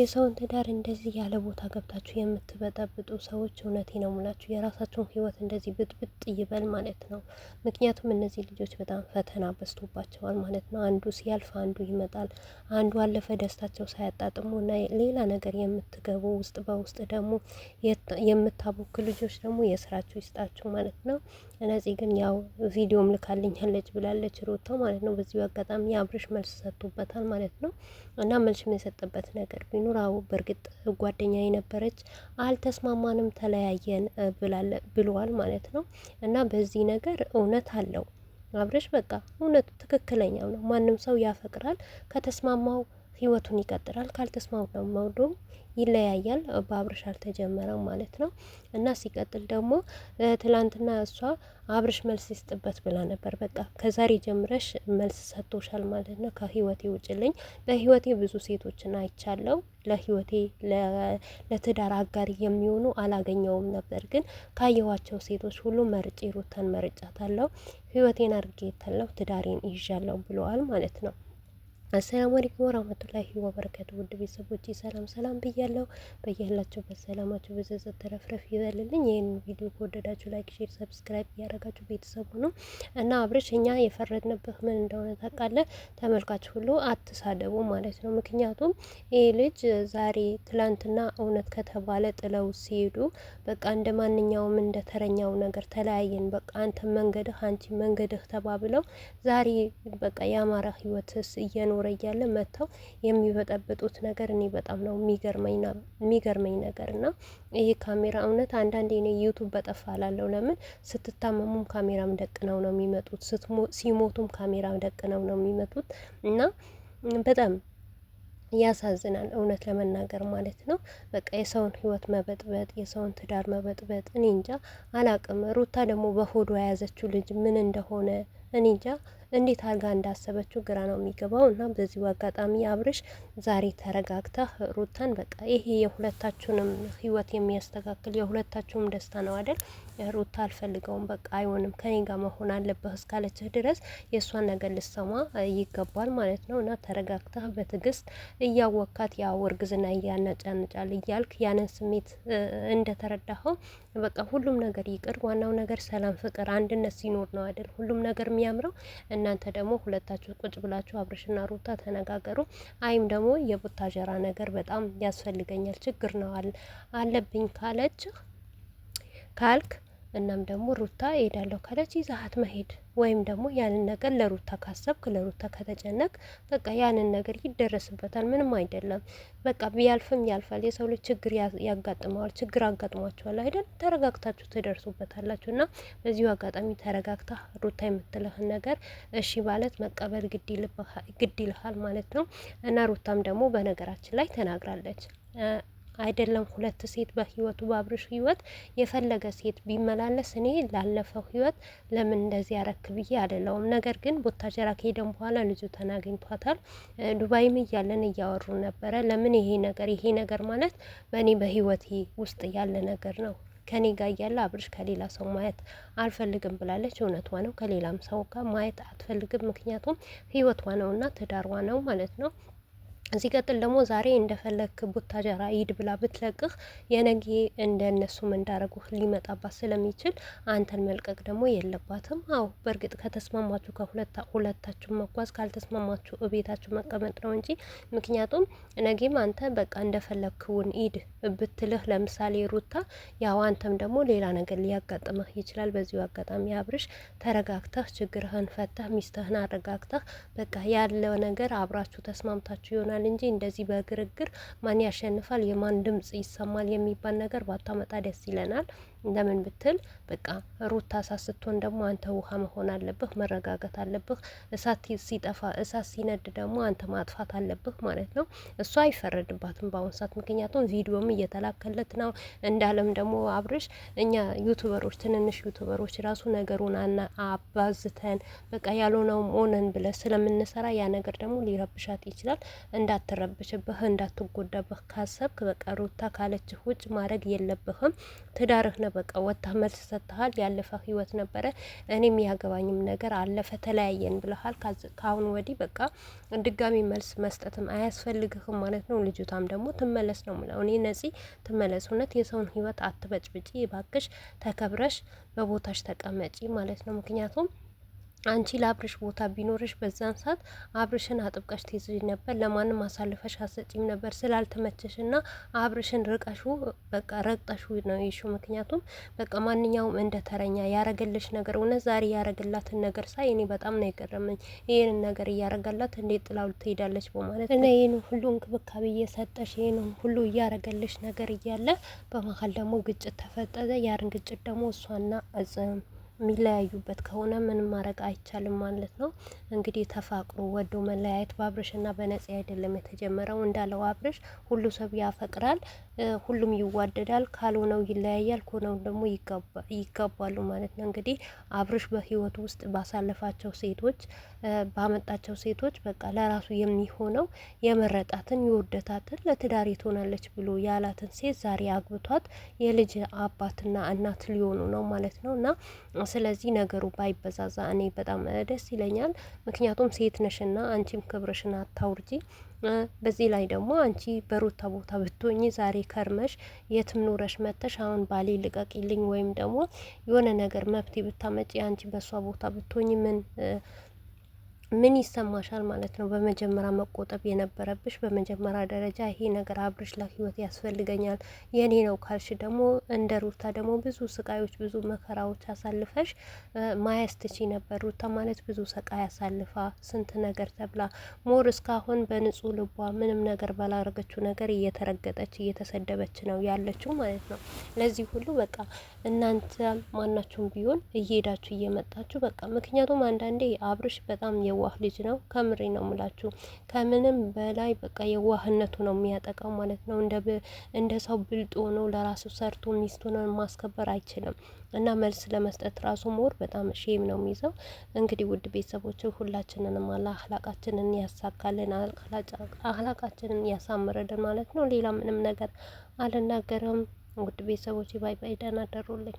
የሰውን ትዳር እንደዚህ ያለ ቦታ ገብታችሁ የምትበጠብጡ ሰዎች እውነቴ ነው ሙላችሁ የራሳችሁን ህይወት እንደዚህ ብጥብጥ ይበል ማለት ነው። ምክንያቱም እነዚህ ልጆች በጣም ፈተና በዝቶባቸዋል ማለት ነው። አንዱ ሲያልፍ አንዱ ይመጣል። አንዱ አለፈ ደስታቸው ሳያጣጥሙ እና ሌላ ነገር የምትገቡ ውስጥ በውስጥ ደግሞ የምታቦክ ልጆች ደግሞ የስራችሁ ይስጣችሁ ማለት ነው። እነዚህ ግን ያው ቪዲዮም ልካልኛለች ብላለች ሩታ ማለት ነው። በዚሁ አጋጣሚ አብርሽ መልስ ሰጥቶበታል ማለት ነው እና መልስ የሰጠበት ነገር ቢኖ ኑራው በእርግጥ ጓደኛ የነበረች አልተስማማንም፣ ተለያየን ብሏል ማለት ነው። እና በዚህ ነገር እውነት አለው አብረሽ። በቃ እውነቱ ትክክለኛው ነው። ማንም ሰው ያፈቅራል ከተስማማው ህይወቱን ይቀጥላል። ካልተስማሙ ደግሞ ይለያያል። በአብርሽ አልተጀመረም ማለት ነው። እና ሲቀጥል ደግሞ ትላንትና እሷ አብርሽ መልስ ይስጥበት ብላ ነበር። በቃ ከዛሬ ጀምረሽ መልስ ሰጥቶሻል ማለት ነው። ከህይወቴ ውጭልኝ። በህይወቴ ብዙ ሴቶችን አይቻለው። ለህይወቴ ለትዳር አጋር የሚሆኑ አላገኘውም ነበር፣ ግን ካየኋቸው ሴቶች ሁሉ መርጬ ሩታን መርጫታለሁ። ህይወቴን አድርጌ የተለው ትዳሬን ይዣለው ብለዋል ማለት ነው። አሰላሙ አለይኩም ወራህመቱላሂ ወበረካቱ ውድ ቤተሰቦች ሰላም ሰላም ብያለሁ። በያላችሁበት ሰላማችሁ በዘዘት ተረፍረፍ ይበልልኝ። ይህን ቪዲዮ ከወደዳችሁ ላይክ፣ ሼር፣ ሰብስክራይብ እያደረጋችሁ ቤተሰቡ ነው እና አብርሽ እኛ የፈረድንበት ምን እንደሆነ ታውቃለህ? ተመልካች ሁሉ አትሳደቡ ማለት ነው። ምክንያቱም ይህ ልጅ ዛሬ ትላንትና እውነት ከተባለ ጥለው ሲሄዱ በቃ እንደ ማንኛውም እንደ ተረኛው ነገር ተለያየን፣ በቃ አንተ መንገድህ አንቺ መንገድህ ተባብለው ዛሬ በቃ የአማራ ህይወትስ እየኖ እየተወረወረ እያለ መጥተው የሚበጠብጡት ነገር እኔ በጣም ነው የሚገርመኝ ነገር እና ይህ ካሜራ እውነት አንዳንዴ እኔ ዩቱብ በጠፋ ላለው ለምን ስትታመሙም ካሜራም ደቅነው ነው የሚመጡት፣ ሲሞቱም ካሜራም ደቅነው ነው የሚመጡት እና በጣም ያሳዝናል እውነት ለመናገር ማለት ነው። በቃ የሰውን ህይወት መበጥበጥ የሰውን ትዳር መበጥበጥ እኔ እንጃ አላቅም። ሩታ ደግሞ በሆዷ የያዘችው ልጅ ምን እንደሆነ እኔ እንጃ። እንዴት አድርጋ እንዳሰበችው ግራ ነው የሚገባው። እና በዚሁ አጋጣሚ አብርሽ ዛሬ ተረጋግታ ሩታን በቃ ይሄ የሁለታችሁንም ህይወት የሚያስተካክል የሁለታችሁም ደስታ ነው አይደል? ሩታ አልፈልገውም፣ በቃ አይሆንም፣ ከኔ ጋር መሆን አለብህ እስካለችህ ድረስ የእሷን ነገር ልሰማ ይገባል ማለት ነው። እና ተረጋግተህ በትዕግስት እያወካት ያው እርግዝና እያነጫንጫል እያልክ ያንን ስሜት እንደተረዳኸው በቃ ሁሉም ነገር ይቅር፣ ዋናው ነገር ሰላም፣ ፍቅር፣ አንድነት ሲኖር ነው አይደል ሁሉም ነገር የሚያምረው። እናንተ ደግሞ ሁለታችሁ ቁጭ ብላችሁ አብርሽና ሩታ ተነጋገሩ። አይም ደግሞ የቡታጀራ ነገር በጣም ያስፈልገኛል ችግር ነው አለብኝ ካለች ካልክ እናም ደግሞ ሩታ እሄዳለሁ ካለች ይዛሀት መሄድ ወይም ደግሞ ያንን ነገር ለሩታ ካሰብክ ለሩታ ከተጨነቅ በቃ ያንን ነገር ይደረስበታል። ምንም አይደለም። በቃ ቢያልፍም ያልፋል። የሰው ልጅ ችግር ያጋጥመዋል። ችግር አጋጥሟቸዋል አይደል? ተረጋግታችሁ ትደርሱበታላችሁ። እና በዚሁ አጋጣሚ ተረጋግታ ሩታ የምትልህን ነገር እሺ ማለት መቀበል ግድ ይልሃል ማለት ነው። እና ሩታም ደግሞ በነገራችን ላይ ተናግራለች አይደለም ሁለት ሴት በህይወቱ በአብርሽ ህይወት የፈለገ ሴት ቢመላለስ እኔ ላለፈው ህይወት ለምን እንደዚህ ያረክ ብዬ አደለውም። ነገር ግን ቦታጀራ ከሄደን በኋላ ልጁ ተናግኝቷታል። ዱባይም እያለን እያወሩ ነበረ። ለምን ይሄ ነገር ይሄ ነገር ማለት በእኔ በህይወቴ ውስጥ ያለ ነገር ነው ከኔ ጋር እያለ አብርሽ ከሌላ ሰው ማየት አልፈልግም ብላለች። እውነቷ ነው። ከሌላም ሰው ጋር ማየት አትፈልግም። ምክንያቱም ህይወቷ እና ትዳሯ ነው ማለት ነው። ሲቀጥል ደግሞ ዛሬ እንደፈለግክ ቡታጀራ ኢድ ብላ ብትለቅህ የነጌ እንደነሱም እንዳረጉህ ሊመጣባት ስለሚችል አንተን መልቀቅ ደግሞ የለባትም። አዎ በእርግጥ ከተስማማችሁ ከሁለታ ሁለታችሁ መጓዝ ካልተስማማችሁ እቤታችሁ መቀመጥ ነው እንጂ ምክንያቱም ነጌም አንተ በቃ እንደፈለግክውን ኢድ ብትልህ ለምሳሌ ሩታ፣ ያው አንተም ደግሞ ሌላ ነገር ሊያጋጥምህ ይችላል። በዚሁ አጋጣሚ አብርሽ ተረጋግተህ ችግርህን ፈተህ ሚስትህን አረጋግተህ በቃ ያለ ነገር አብራችሁ ተስማምታችሁ ይሆናል ይሆናል እንጂ እንደዚህ በግርግር ማን ያሸንፋል፣ የማን ድምጽ ይሰማል የሚባል ነገር ባታመጣ ደስ ይለናል። ለምን ብትል በቃ ሩታ እሳት ስትሆን ደግሞ አንተ ውሃ መሆን አለብህ፣ መረጋጋት አለብህ። እሳት ሲጠፋ እሳት ሲነድ ደግሞ አንተ ማጥፋት አለብህ ማለት ነው። እሱ አይፈረድባትም በአሁን ሰዓት፣ ምክንያቱም ቪዲዮም እየተላከለት ነው። እንዳለም ደግሞ አብርሽ፣ እኛ ዩቱበሮች፣ ትንንሽ ዩቱበሮች ራሱ ነገሩን አባዝተን በቃ ያልሆነውም ሆነን ብለን ስለምንሰራ ያ ነገር ደግሞ ሊረብሻት ይችላል። እንዳትረብሽብህ፣ እንዳትጎዳብህ ካሰብክ በቃ ሩታ ካለችህ ውጭ ማድረግ የለብህም ትዳርህ ነው በቃ ወጥተህ መልስ ሰጥተሃል። ያለፈ ህይወት ነበረ፣ እኔ የሚያገባኝም ነገር አለፈ፣ ተለያየን ብለሃል። ከአሁን ወዲህ በቃ ድጋሚ መልስ መስጠትም አያስፈልግህም ማለት ነው። ልጅቷም ደግሞ ትመለስ ነው ምለው። እኔ ነጺ ትመለስ፣ እውነት የሰውን ህይወት አትበጭብጪ፣ ባክሽ ተከብረሽ በቦታሽ ተቀመጪ ማለት ነው። ምክንያቱም አንቺ ለአብርሽ ቦታ ቢኖርሽ በዛን ሰዓት አብርሽን አጥብቀሽ ትይዝኝ ነበር፣ ለማንም አሳልፈሽ አሰጪም ነበር። ስላልተመቸሽ እና አብርሽን ርቀሹ በቃ ረግጠሹ ነው ይሹ። ምክንያቱም በቃ ማንኛውም እንደ ተረኛ ያረገልሽ ነገር እውነት ዛሬ ያረገላትን ነገር ሳይ እኔ በጣም ነው የገረመኝ። ይህንን ነገር እያረገላት እንዴት ጥላው ትሄዳለች በማለት እና ይህን ሁሉ እንክብካቤ እየሰጠሽ ይህን ሁሉ እያረገልሽ ነገር እያለ በመሀል ደግሞ ግጭት ተፈጠረ። ያርን ግጭት ደግሞ እሷና የሚለያዩበት ከሆነ ምንም ማድረግ አይቻልም ማለት ነው። እንግዲህ ተፋቅሮ ወዶ መለያየት በአብርሽና በነጽ አይደለም የተጀመረው እንዳለው አብርሽ ሁሉ ሰው ያፈቅራል፣ ሁሉም ይዋደዳል፣ ካልሆነው ይለያያል፣ ከሆነው ደግሞ ይጋባሉ ማለት ነው። እንግዲህ አብርሽ በህይወቱ ውስጥ ባሳለፋቸው ሴቶች ባመጣቸው ሴቶች በቃ ለራሱ የሚሆነው የመረጣትን የወደታትን ለትዳር ትሆናለች ብሎ ያላትን ሴት ዛሬ አግብቷት የልጅ አባትና እናት ሊሆኑ ነው ማለት ነው እና ስለዚህ ነገሩ ባይበዛዛ እኔ በጣም ደስ ይለኛል። ምክንያቱም ሴት ነሽና አንቺም ክብርሽን አታውርጂ። በዚህ ላይ ደግሞ አንቺ በሩታ ቦታ ብትሆኚ ዛሬ ከርመሽ የትም ኑረሽ መተሽ አሁን ባሌ ልቀቂልኝ ወይም ደግሞ የሆነ ነገር መብት ብታመጪ አንቺ በእሷ ቦታ ብትሆኚ ምን ምን ይሰማሻል ማለት ነው። በመጀመሪያ መቆጠብ የነበረብሽ በመጀመሪያ ደረጃ ይሄ ነገር አብርሽ ለህይወት ያስፈልገኛል የኔ ነው ካልሽ ደግሞ እንደ ሩታ ደግሞ ብዙ ስቃዮች፣ ብዙ መከራዎች አሳልፈሽ ማየት ትች ነበር። ሩታ ማለት ብዙ ሰቃይ አሳልፋ ስንት ነገር ተብላ ሞር እስካሁን በንጹህ ልቧ ምንም ነገር ባላረገችው ነገር እየተረገጠች እየተሰደበች ነው ያለችው ማለት ነው። ለዚህ ሁሉ በቃ እናንተ ማናችሁም ቢሆን እየሄዳችሁ እየመጣችሁ በቃ ምክንያቱም አንዳንዴ አብርሽ በጣም የዋህ ልጅ ነው። ከምሬ ነው ምላችሁ። ከምንም በላይ በቃ የዋህነቱ ነው የሚያጠቃው ማለት ነው። እንደ ሰው ብልጥ ሆኖ ለራሱ ሰርቶ ሚስቱን ማስከበር አይችልም እና መልስ ለመስጠት ራሱ ሞር በጣም ሼም ነው የሚይዘው። እንግዲህ ውድ ቤተሰቦች ሁላችንንም አላ አህላቃችንን ያሳካልን፣ አህላቃችንን ያሳምረልን ማለት ነው። ሌላ ምንም ነገር አልናገርም። ውድ ቤተሰቦች ባይ ባይ፣ ደህና ደሩልኝ።